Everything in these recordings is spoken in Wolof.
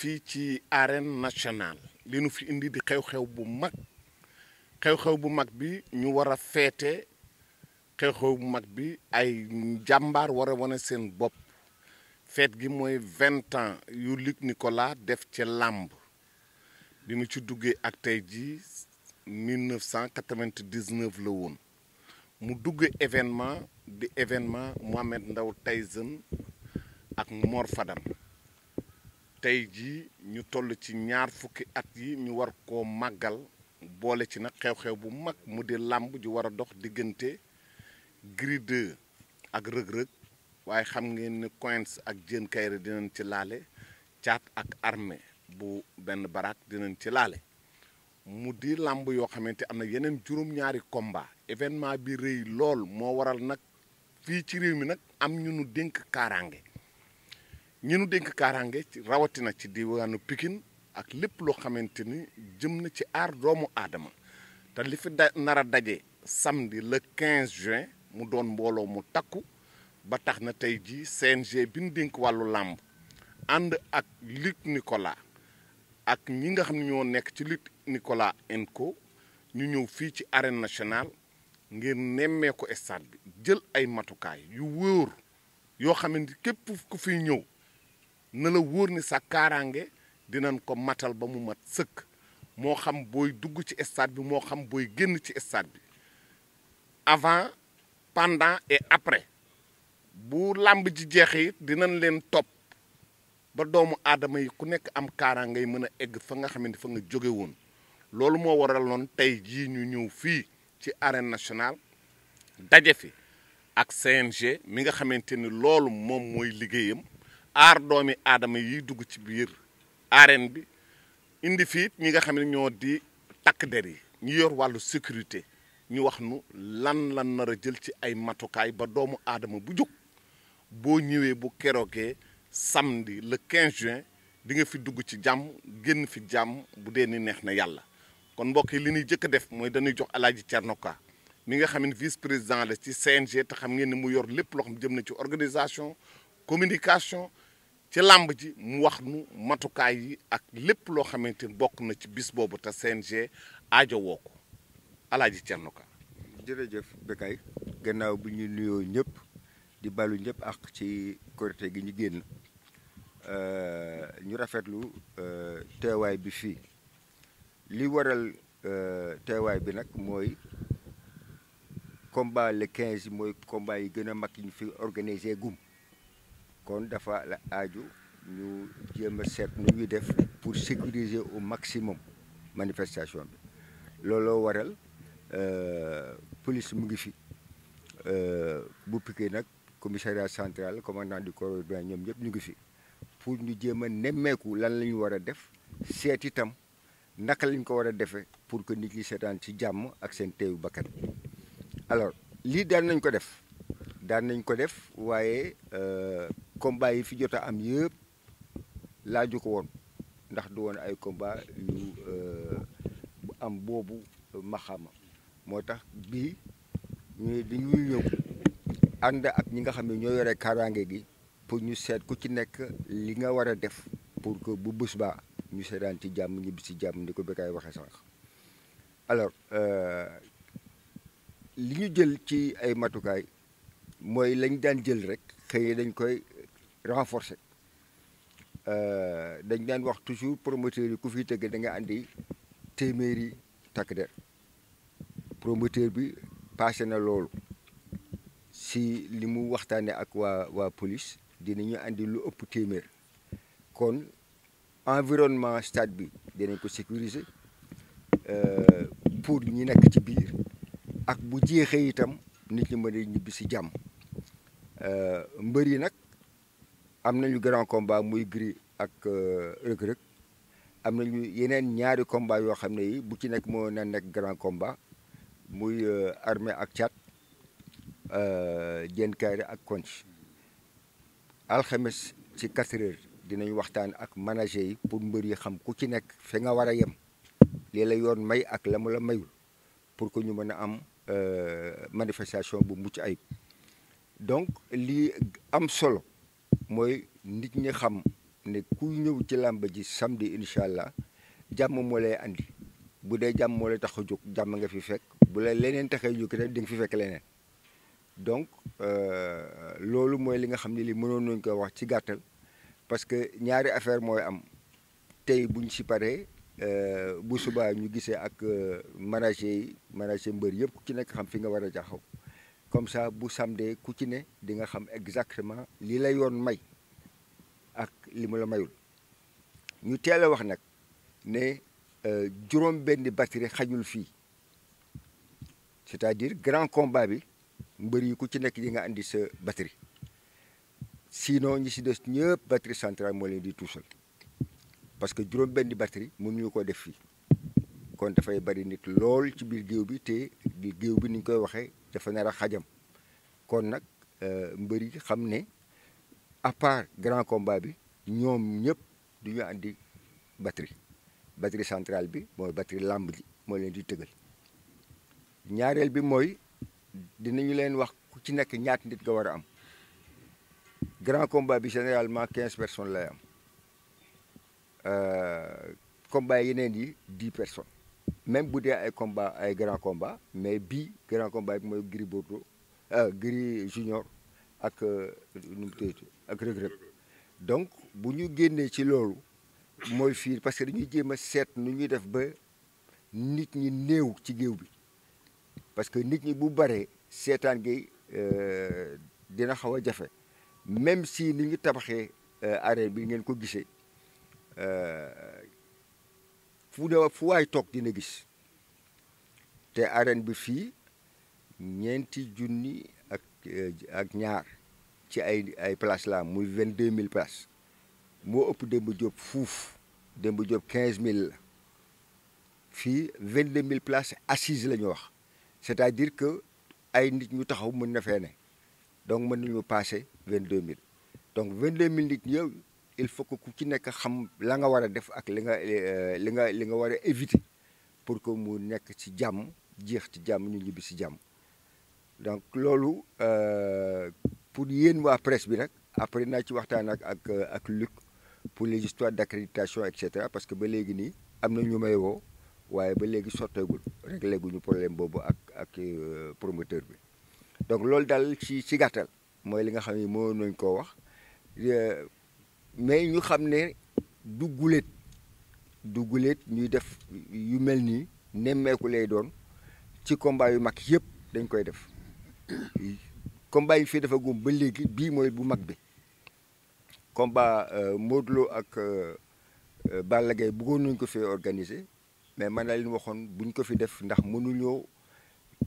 fii ci arène nationale li nu fi indi di xew-xew bu mag xew-xew bu mag bi ñu war a feete xew-xew bu mag bi ay jàmbaar war a wane seen bopp feet gi mooy vingt ans yu Luc Nicolas def ci làmb bi mu ci duggee ak tey jii 1999 la woon mu dugg événement di événement Mohamed Ndao Tyson ak Mor tey jii ñu toll ci ñaar fukki at yi ñu war koo màggal boole ci nag xew-xew bu mag mu di làmb ju war a dox diggante Gris 2 ak rëg-rëg waaye xam ngeen ni Quench ak Diène Kaïré dinañ ci laale caat ak armée bu benn baraak dinañ ci laale mu di làmb yoo xamante am na yeneen juróom-ñaari combat événement bi rëy lool moo waral nag fii ci réew mi nag am ñu nu dénk kaaraange ñi nu dénk kaaraange rawatina ci diwaanu Pikine ak lépp loo xamante ni jëm na ci aar doomu aadama te li fi da daje samedi le juin mu doon mbooloo mu takku ba tax na tey jii g bi nu dénk wàllu làmb ànd ak Luc Nicolas ak ñi nga xam ne ñoo nekk ci Luc Nicolas Enco ñu ñëw fii ci arène nationale ngir nemmee ko stade bi jël ay matukaay yu wóor yoo xam ne képp ku fiy ñëw na la wóor ni sa kaaraange dinañ ko matal ba mu mat sëkk moo xam booy dugg ci stade bi moo xam booy génn ci stade bi avant pendant et après bu làmb ji jeexee dinañ leen topp ba doomu aadama yi ku nekk am kaaraange ngay mën a egg fa nga xamante fa nga jóge woon loolu moo waral waraloon tey jii ñu ñëw fii ci arène national daje fi ak CNG mi nga xamante ni loolu moom mooy liggéeyam aar doomi aadama yi dugg ci biir arène bi indi fiit ñi nga xam ne ñoo di takk der yi ñu yor wàllu sécurité ñu wax nu lan lan nar a jël ci ay matukaay ba doomu aadama bu jóg boo ñëwee bu keroogee samedi la 15 juin di nga fi dugg ci jàmm génn fi jàmm bu dee ni neex na yàlla kon mbokk yi li ñuy jëkk def mooy dañuy jox alaaji Thierno mi nga xam ne vice président la ci CNG te xam ngeen ni mu yor lépp loo xam jëm na ci organisation communication ci làmb ji mu wax nu matukaay yi ak lépp loo xamante ni bokk na ci bis boobu te CNG ajo woo ko alaaji Thierno Ka jërëjëf Bécaye gannaaw bi ñu nuyoo ñëpp di balu ñëpp ak ci Korité gi ñu génn euh, ñu rafetlu euh, teewaay bi fii li waral euh, teewaay bi nag mooy combat le 15 mooy combat yi gën a mag yi ñu fi organisé gum kon dafa la aaju ñu jéem a seet nu ñuy def pour sécuriser au maximum manifestation bi looloo waral euh, police mu ngi fi euh, bu Pikine nag commissariat central commandant du corps urbain ñoom ñëpp ñu ngi fi pour ñu jéem a nemmeeku lan lañu ñu war a def seet itam naka lañ ko war a defee pour que nit ñi seetaan ci jàmm ak seen teewu bakkan alors lii daan nañ ko def daan nañ ko def waaye euh, combat yi fi jot a am yëpp laaju ko woon ndax du woon ay combat yu euh, am boobu maxama moo tax bii ñu dañuy ñëw ànd ak ñi nga xam ne ñoo yore kaaraange gi pour ñu seet ku ci nekk li nga war def pour que bu bés baa ñu seetaan ci jàmm ñibbi si jàmm ni ko Bécaye waxee sànq alors euh, li ñu jël ci ay matukaay moy lañ daan jël rek xëy dañ koy renforcer euh, dañ daan wax toujours promoteur yi ku fi tëgg da nga andi téeméeri tak der promoteur bi passé na si limu mu waxtaanee ak waa waa police dinañu andi lu ëpp téeméer kon environnement stade bi dinañ ko sécuriser euh, pour ñi nekk ci biir ak bu jeexee itam nit ñi mën a ñibbi si jàmm euh, am nañu grand combat muy Gris ak euh, Reug Reug am nañu yeneen ñaari combat yoo xam ne yi bu ci nekk moo na nekk grand combat muy euh, Armée ak Thiat euh, Diène Kaïré ak Konch alxames ci 4 heures dinañ waxtaan ak manager yi pour mbër yi xam ku ci nekk fi nga war a yem lii la yoon may ak la mu la mayul pour que ñu mën a am manifestation bu mucc ay donc lii am solo mooy nit ñi xam ne ku ñëw ci làmb ji samedi incha allah jàmm moo lay andi bu dee jàmm moo lay tax a jóg jàmm nga fi fekk bu la leneen tax jóg rek di nga fi fekk leneen donc euh, loolu mooy li nga xam ni li mënoon nañu ko wax ci gàttal parce que ñaari affaire mooy am tey buñ si paree euh, bu subaa ñu gisee ak euh, manager yi manager mbër yëpp ku ci nekk xam fi nga war a jaxaw comme ça bu samedi ku ci ne di nga xam exactement li la yoon may ak li mu la mayul ñu teel a wax nag ne euh, juróom benn batterie xajul fii c'est-à-dire grand combat bi mbër yi ku ci nekk di nga andi sa batterie sinon ñi si des ñëpp batterie centrale moo leen di tuusal parce que juróom benn batterie mënuñu ko def fii kon dafay bari nit lool ci biir géew bi te géew bi ni ñu koy waxee dafa nar a xajam kon nag euh, mbër yi xam ne à part grand combat bi ñom ñep du andi batterie batterie centrale bi mooy batterie lamb ji mo leen di tëgal ñaarel bi moy dinañu leen wax ku ci nekk ñaat nit nga wara am grand combat bi généralement quinze personnes lay am euh, combat yeneen yi dix personnes même bu dee ay combat ay grand combat mais bii grand combat bi mooy Gris Bordeaux euh, Gris Junior ak euh, nu mu tëjee ak Reug Reug donc bu ñu génnee ci loolu mooy fii parce que dañuy jéem a seet nu ñuy def ba nit ñi néew ci géew bi parce que nit ñi bu baree seetaan gi euh, dina xaw a jafe même si ni ñu tabaxee arène bi ngeen ko gisee fu ne fu waay toog dina gis te arène bi fii ñeenti junni ak eh, ak ñaar ci ay ay place la muy vingt deux mille places moo ëpp Demba Diop fuuf Demba Diop quinze mille la fii vingt deux mille places assises la ñu wax c'est-à-dire que ay nit ñu taxaw mën na ne donc mën nañu passé vingt deux mille donc vingt deux mille nit ñëw il faut que ku ci nekk xam la nga war a def ak li nga euh, li nga li nga war a éviter pour que mu nekk ci jàmm jeex ci jàmm ñu ñibbi ci jàmm donc loolu euh, pour yéen waa presse bi nag après naa ci waxtaan ak ak ak Luc pour les histoires d'accréditation et cetera parce que ba léegi nii am na ñu may woo waaye ba léegi sotteegul rek léeguñu problème boobu ak ak euh, promoteur bi donc loolu dal ci gàttal mooy li nga xam ne moo nañ koo wax mais ñu xam ne du guléet du guléet ñuy def yu melni nii lay doon ci combat yu mag yépp dañ koy def combat yi fi dafa gum ba légui bi moy bu mag bi combat euh, Modou ak euh, euh, Balla Gaye bëggoon nañ ko fi organiser mais man la leen waxoon buñ ko fi def ndax mënu mënuñoo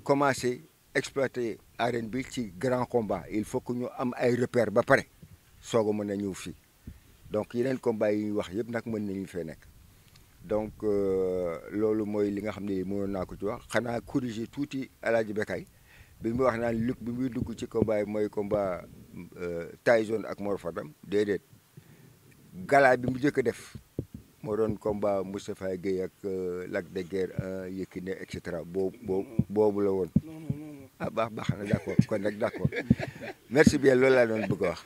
commencer exploiter arène bi ci grand combat il faut que ñu am ay repères ba paré sogo mëna mën fi donc yeneen combat yi ñuy wax yëpp nag mën nañu fee nekk donc euh, loolu mooy li nga xam ne mënoon naa ko ci wax xanaa corriger tuuti Alaaji Bekay bi mu wax naan Luc bi muy dugg ci combat yi mooy combat euh, Tyson ak Mor Fadam déedéet gala bi mu njëkk a def moo doon combat Moustapha Guèye ak euh, Lac de Guerre Yékini et cetera boobu la woon ah baax na d' kon nag d' accord merci bien loolu laa doon bëgg wax.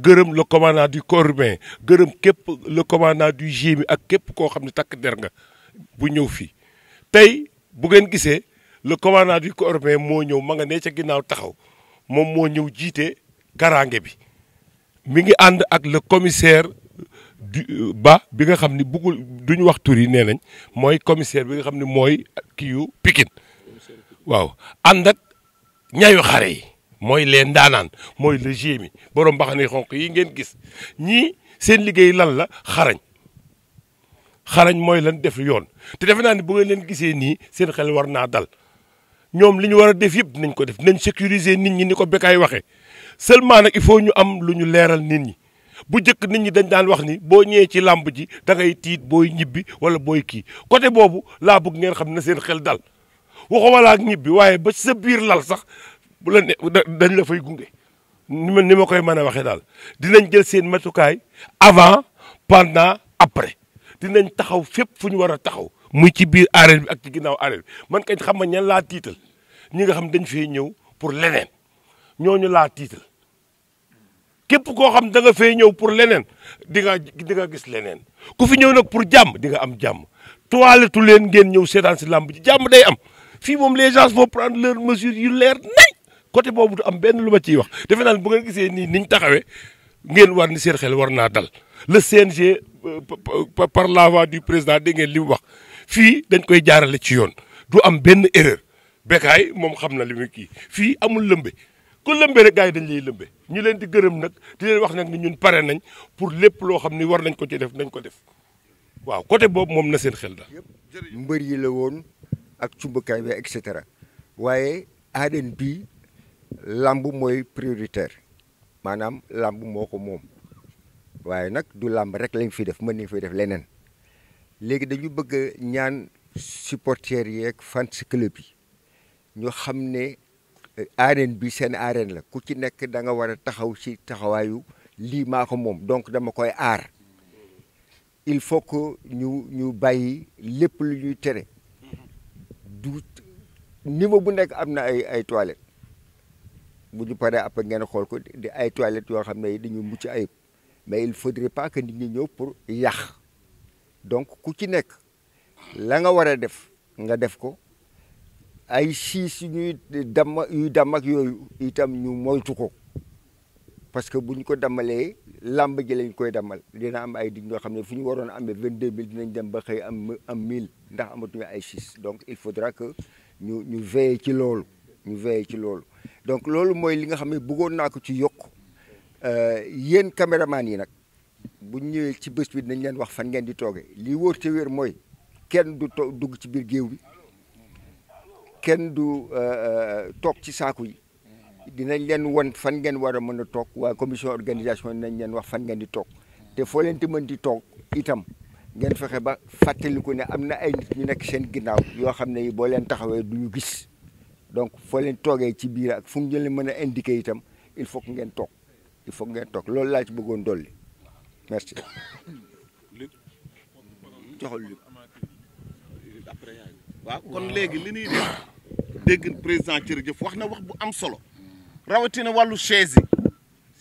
gërëm le commandant du corps urbain gërëm képp le commandant du GMI ak képp koo xam ne takk der nga bu ñëw fii tey bu ngeen gisee le commandant du corps urbain moo ñëw ma nga ne ca ginnaaw taxaw moom moo ñëw jiite karange bi mi ngi ànd ak le commissaire du ba bi nga xam ni buggul wax tur yi nee nañ mooy commissaire bi nga xam ne mooy kii yu Pikine waaw ànd ak ñaayu xare yi mooy leen daanaan mooy le gémi borom mbaxane xonq yi ngeen gis ñii seen liggéey lan la xarañ xarañ mooy lan def yoon te defe naa ne bu ngeen leen gisee nii seen xel war naa dal ñoom li ñu war a def yëpp dinañ ko def dinañ sécuriser nit ñi ni ko Bécaye waxee seulement nag il faut ñu am lu ñu leeral nit ñi bu njëkk nit ñi dañ daan wax ni boo ñëwee ci làmb ji da ngay tiit booy ñibbi wala booy kii côté boobu laa bëgg ngeen xam ne seen xel dal waxu wala ak ñibbi waaye ba sa biir lal sax bu la ne dañ la fay gunge ni ma ni ma koy mën a waxee daal dinañ jël seen matukaay avant pendant après dinañ taxaw fépp fu ñu war a taxaw muy ci biir arène bi ak ci ginnaaw arène man kañ xam ma ñan laa tiital ñi nga xam dañ fee ñëw pour leneen ñooñu laa tiital képp koo xam da nga ñëw pour leneen di nga di nga gis leneen ku fi ñëw nag pour jàmm di nga am jàmm toiletu leen ngeen ñëw seetaan si làmb ji jàmm day am fii moom les gens vont prendre leur mesure yu leer côté boobu du am benn lu ma ciy wax defe naa bu ngeen gisee nii niñ taxawee ngeen war ni seen xel war naa dal le CNG euh, par la voix du président dégg ngeen li wax fii dañ koy jaarale ci yoon du am benn erreur Bécaye moom xam na li muy kii fii amul lëmbe ku lëmbe rek gars yi dañ lay lëmbe ñu leen di gërëm nag di leen wax nag ni ñun pare nañ pour lépp loo xam ni war nañ ko ci def nañ ko def waaw côté boobu moom na seen xel daal. mbër yi la woon ak cumbukaay bi et cetera waaye ADN bi làmb mooy prioritaire maanaam làmb moo ko moom waaye nag du làmb rek lañ fi def mën nañ fi def leneen léegi dañu bëgg ñaan supporters yeeg fans club yi ñu xam ne eh, arène bi seen arène la ku ci nekk da nga war a taxaw si taxawaayu lii maa ko moom donc dama koy aar il faut que ñu ñu bàyyi lépp lu ñuy tere du niveau bu nekk am na ay ay toilettes bu ñu paree après ngeen xool ko di ay toilettes yoo xam ne yi dañu mucc ay mais il faudrait pas que nit ñi ñëw pour yàq donc ku ci nekk la nga war def nga def ko ay siis ñuy damm yuy damm ak yooyu itam ñu moytu ko parce que bu ñu ko dammalee làmb ji lañ koy dammal dina am ay dig ñoo xam ne fu ñu waroon amee vingt deux mille dinañ dem ba xëy am am mille ndax amatuñu ay siis donc il faudra que ñu ñu veiller ci loolu ñu veillé ci loolu donc loolu mooy li nga xam ne bëggoon naa ko ci yokk euh, yéen caméraman yi nag bu ñëwee ci bés bi dinañ leen wax fan ngeen di toogee li wóor te wér mooy kenn du to dugg ci biir géew bi kenn du euh, euh, toog ci saaku yi dinañ leen won fan ngeen war a mën a toog waa commission organisation dinañ leen wax fan ngeen di toog te foo leen di mën di toog itam ngeen fexe ba fàttaliku ne am na ay nit ñu nekk seen ginnaaw yoo xam ne boo leen taxawee du ñu gis donc foo leen toogee ci biir ak fu mu leen mën a itam il faut ngeen toog il faut que ngeen toog loolu laa ci bëggoon dolli merci. joxal li après waaw kon léegi li ñuy président dégg président jërëjëf wax na wax bu am solo rawatina wàllu chaise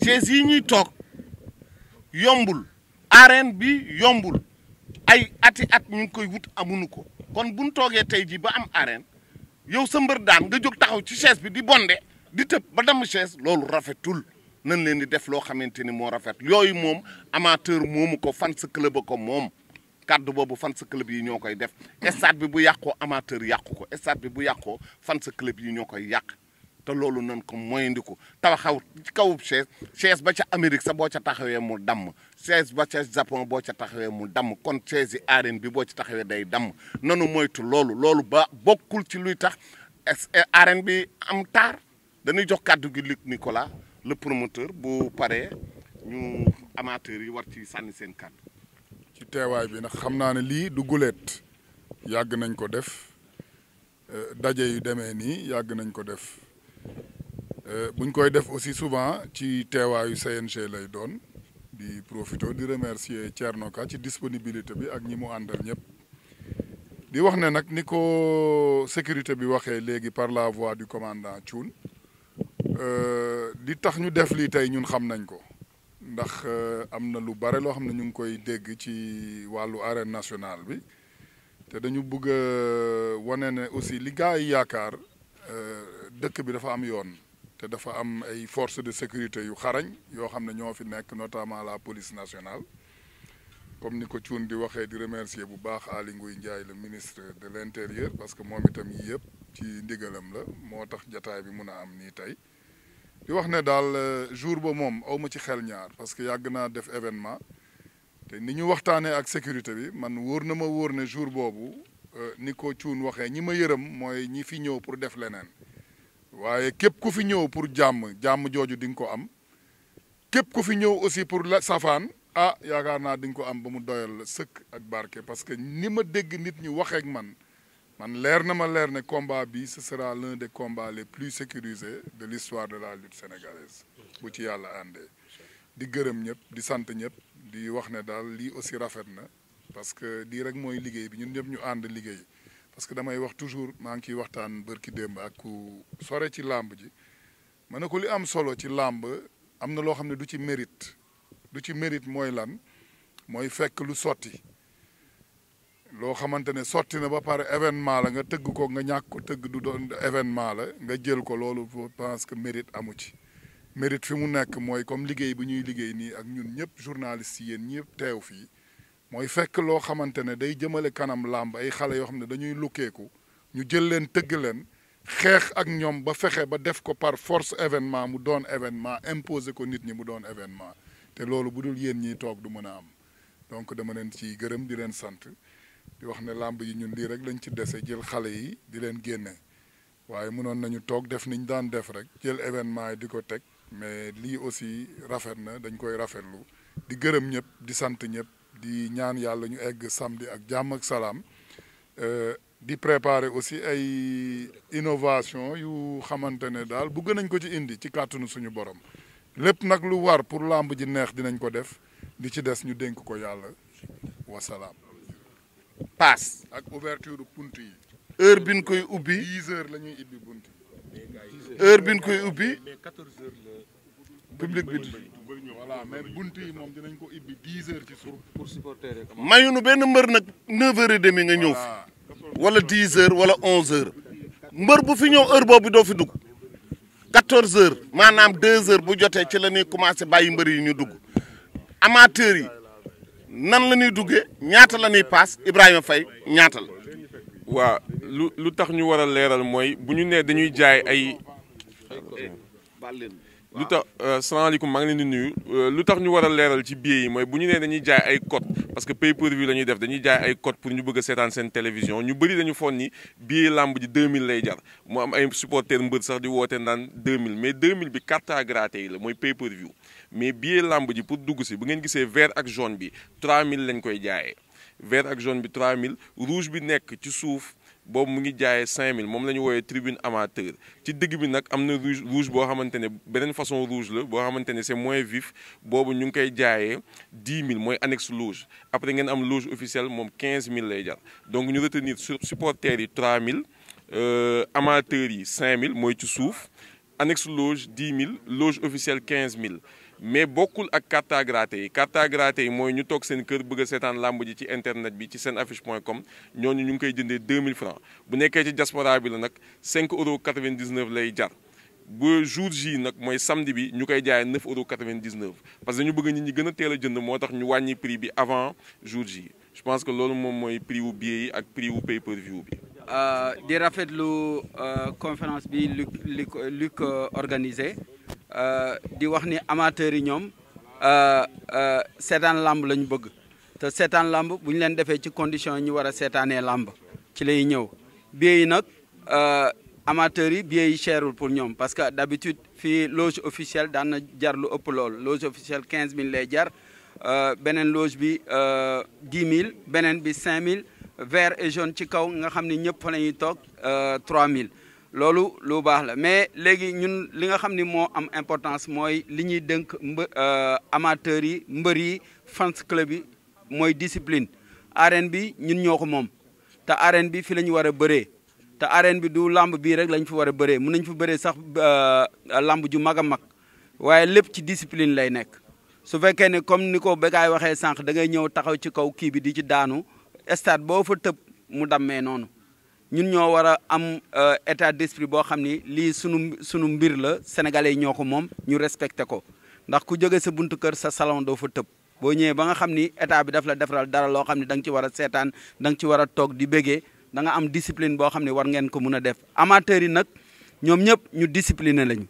yi yi ñuy toog yombul arène bi yombul ay ati at ñu ngi koy wut amuñu ko kon buñ toogee tey jii ba am arène yow sa mbër daan nga jóg taxaw ci chaise bi di bonde di tëb ba damm chaise loolu rafetul nan leen di def loo xamante ni moo rafet yooyu moom amateur moomu ko fan sa club ko moom kàddu boobu fan sa club yi ñoo koy def stade bi bu yàqoo amateur yàqu ko stade bi bu yàqoo fan sa club yi ñoo koy yàq te loolu nan ko moyandi ko taxaw ci kaw chaise chaise ba ca Amérique sa boo ca taxawee mu damm chaise ba ca japon boo ca taxawee mu damm kon chaise yi bi boo ci taxawee day damm nanu moytu loolu loolu ba bokkul ci luy tax arène bi am taar dañuy jox kàddu gi Luc Nicolas le promoteur bu pare ñu amateurs yi war ci sànni seen kàddu ci teewaay bi nag xam naa ne lii du guleet yàgg nañ ko def euh, daje yu demee nii yàgg nañ ko def euh, buñ koy def aussi souvent ci teewaayu CNG lay doon di profito di remercier Thierno Ka ci disponibilité bi ak ñi mu àndal ñëpp di wax ne nag ni ko sécurité bi waxee léegi par la voix du commandant Thioune euh, di tax ñu def lii tey ñun xam nañ ko ndax euh, am na lu bare loo xam ne ñu ngi koy dégg ci wàllu arène nationale bi te dañu bëgg a euh, wane ne aussi li gaa yi yaakaar dëkk bi dafa am yoon te dafa am ay forces de sécurité yu xarañ yo xam ne ñoo fi nekk notamment la police nationale comme ni ko Thioune di waxee di remercier bu baax Aly Ngouille Ndiaye le ministre de l'intérieur parce que moom itam yii yëpp ci ndigalam la moo tax bi mun am nii tey di wax ne daal euh, jour ba moom aw ci xel ñaar parce que yàgg naa def événement Té ni ñu waxtaanee ak sécurité bi man wóor na ma wóor ne jour boobu euh, ni ko Thioune waxee ñi ma ñi fi ñëw pour def leneen waaye képp ku fi ñëw pour jàmm jàmm jooju di nga ko am képp ku fi ñëw aussi pour la safaan ah yaakaar naa di nga ko am ba mu doyal sëkk ak barke parce que ni ma dégg nit ñi waxeek man man leer na ma leer ne combat bi ce sera l'un des combats les plus sécurisés de l'histoire de la lutte sénégalaise bu ci yàlla àndee di gërëm ñëpp di sant ñëpp di wax ne daal lii aussi rafet na parce que lii rek mooy liggéey bi ñun ñëpp ñu ànd liggéey parce que damay wax toujours maa ngi ciy waxtaan bërki démb ak ku sore ci làmb ji ma ne ko li am solo ci làmb am na loo xam ne du ci mérite du ci mérite mooy lan mooy fekk lu sotti loo xamante ne sotti na ba pare événement la nga tëgg ko nga ñàkk ko tëgg du doon événement la nga jël ko loolu je que mérite amu ci mérite fi mu nekk mooy comme liggéey bu ñuy liggéey nii ak ñun ñëpp journalistes yi yéen ñëpp teew fii mooy fekk loo xamante ne day jëmale kanam làmb ay xale yoo xam ne dañuy lukkeeku ñu jël leen tëgg leen xeex ak ñoom ba fexe ba def ko par force événement mu doon événement imposer ko nit ñi mu doon événement te loolu bu dul yéen ñi toog du mën a am donc dama leen ci gërëm di leen sant di wax ne làmb yi ñun lii rek lañ ci dese jël xale yi di leen génne waaye mënoon nañu toog def niñ daan def rek jël événement yi di ko teg mais lii aussi rafet na dañ koy rafetlu di gërëm di sant ñëpp di ñaan yàlla ñu egg samedi ak jàmm ak salaam euh, di préparer aussi ay innovation yu xamante ne daal bëgg nañ ko ci indi ci kàttanu suñu borom lépp nag lu war pour làmb ji neex dinañ ko def di ci des ñu dénk ko yàlla wasalaam. paas ak ouverture punt yi. heure bi ñu koy ubbi. la ñuy ubbi bunt yi. heure bi ñu koy ubbi. public bi. voilà mais bunt yi moom dinañ ko ibbi dix heures ci suuf. pour supporter rek. benn mbër nag neuf heures et demie nga ñëw fi. wala dix heures wala onze heures. mbër bu fi ñëw heure boobu doo fi dugg. quatorze heures maanaam deux heures bu jotee ci la ñuy commencé bàyyi mbër yi ñu dugg. amateurs yi nan la ñuy duggee ñaata la ñuy paas Ibrahima fay ñaata la. waaw lu lu tax ñu war a leeral mooy bu ñu nee dañuy jaay ay. lu tax euh, salaamaaleykum maa ngi leen di nuyu euh, lu tax ñu war a leeral ci billet yi mooy bu ñu nee dañuy jaay ay code parce que pay per view la ñuy def dañuy jaay ay code pour ñu bëgg a seetaan seen télévision ñu bëri dañu foon ni billet làmb ji 2000 lay jar mu am ay supporter mbër sax di woote naan 2000 mais 2000 bi carte à gratter yi la mooy pay per view mais billet làmb ji pour dugg si bu ngeen gisee vert ak jaune bi 3000 lañ koy jaayee vert ak jaune bi mille rouge bi nekk ci suuf. boobu mu ngi jaayee mille moom la ñu woowee tribune amateur ci digg bi nag am na rouge rouge boo xamante ne beneen façon rouge la boo xamante ne c'est moins vif boobu ñu ngi koy jaayee 10 000 mooy annexe loge après ngeen am loge officielle moom 15000 lay jar donc ñu retenir supporters yi 3000 euh, amateurs yi 5000 mooy ci suuf annexe loge 10 000 loge officielle mille mais bokul ak carte à gratter yi carte à yi mooy ñu tok seen kër bëgg a seetaan ji ci internet bi ci seen affiche point ñu ngi koy jëndee 2000 francs bu nekké ci diaspora bi la nag 5 euros lay jar bu jour ji nag mooy samedi bi ñu koy jaay 9,99 euros parce que ñu bëgg nit ñi gëna a jënd motax ñu wañi prix bi avant jour ji je pense que loolu mom moy prix wu billet yi ak prix wu pay per view bi. Euh, di rafetlu euh, conférence bi Luc Luc Luc euh, organisé. Euh, di wax ni amateurs yi ñoom euh, euh, seetaan lamb la bëgg te seetaan lamb bu ñu leen defee ci condition ñu war a seetaanee lamb ci lay ñëw billets yi nag amateurs yi billets yi cheru pour ñoom parce que d'habitude fii loge officielle daan na jar lu ëpp lool loge officielle 15000 lay jar beneen loge bi mille beneen bi 5000 vert et jaune ci kaw nga xam ni ñëpp fa la ñuy toog 3000. loolu lu baax la mais léegi ñun li nga xam ni moo am importance mooy li ñuy dënk mba euh, amateurs yi mbër yi fans club yi mooy discipline arène bi ñun ñoo ko moom te arène bi fi la ñu war a bëree te arène bi du làmb bii rek lañu fi war a bëree mun nañ fi bëree sax euh, lamb ju mag a mag waaye lépp ci discipline lay nekk su fekkee ne comme ni ko Bécaye waxee sànq da ngay ñëw taxaw ci kaw kii bi di ci daanu stade boo fa tëb mu dammee noonu ñun ñoo war a am euh, état d'esprit boo xam ni lii sunu sunu mbir la sénégalais yi ñoo ko moom ñu respecté ko ndax ku jóge sa buntu kër sa salon doo fa tëb boo ñëwee ba nga xam ni état bi daf la defaral dara loo xam ni da ci war a seetaan da nga ci war a toog di bégee danga am discipline boo xam ni war ngeen ko mun a def amateur yi nag ñoom ñëpp ñu discipliné lañu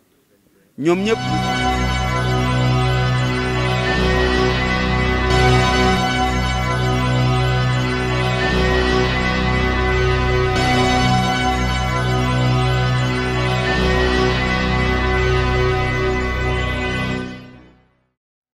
ñoom ñëpp.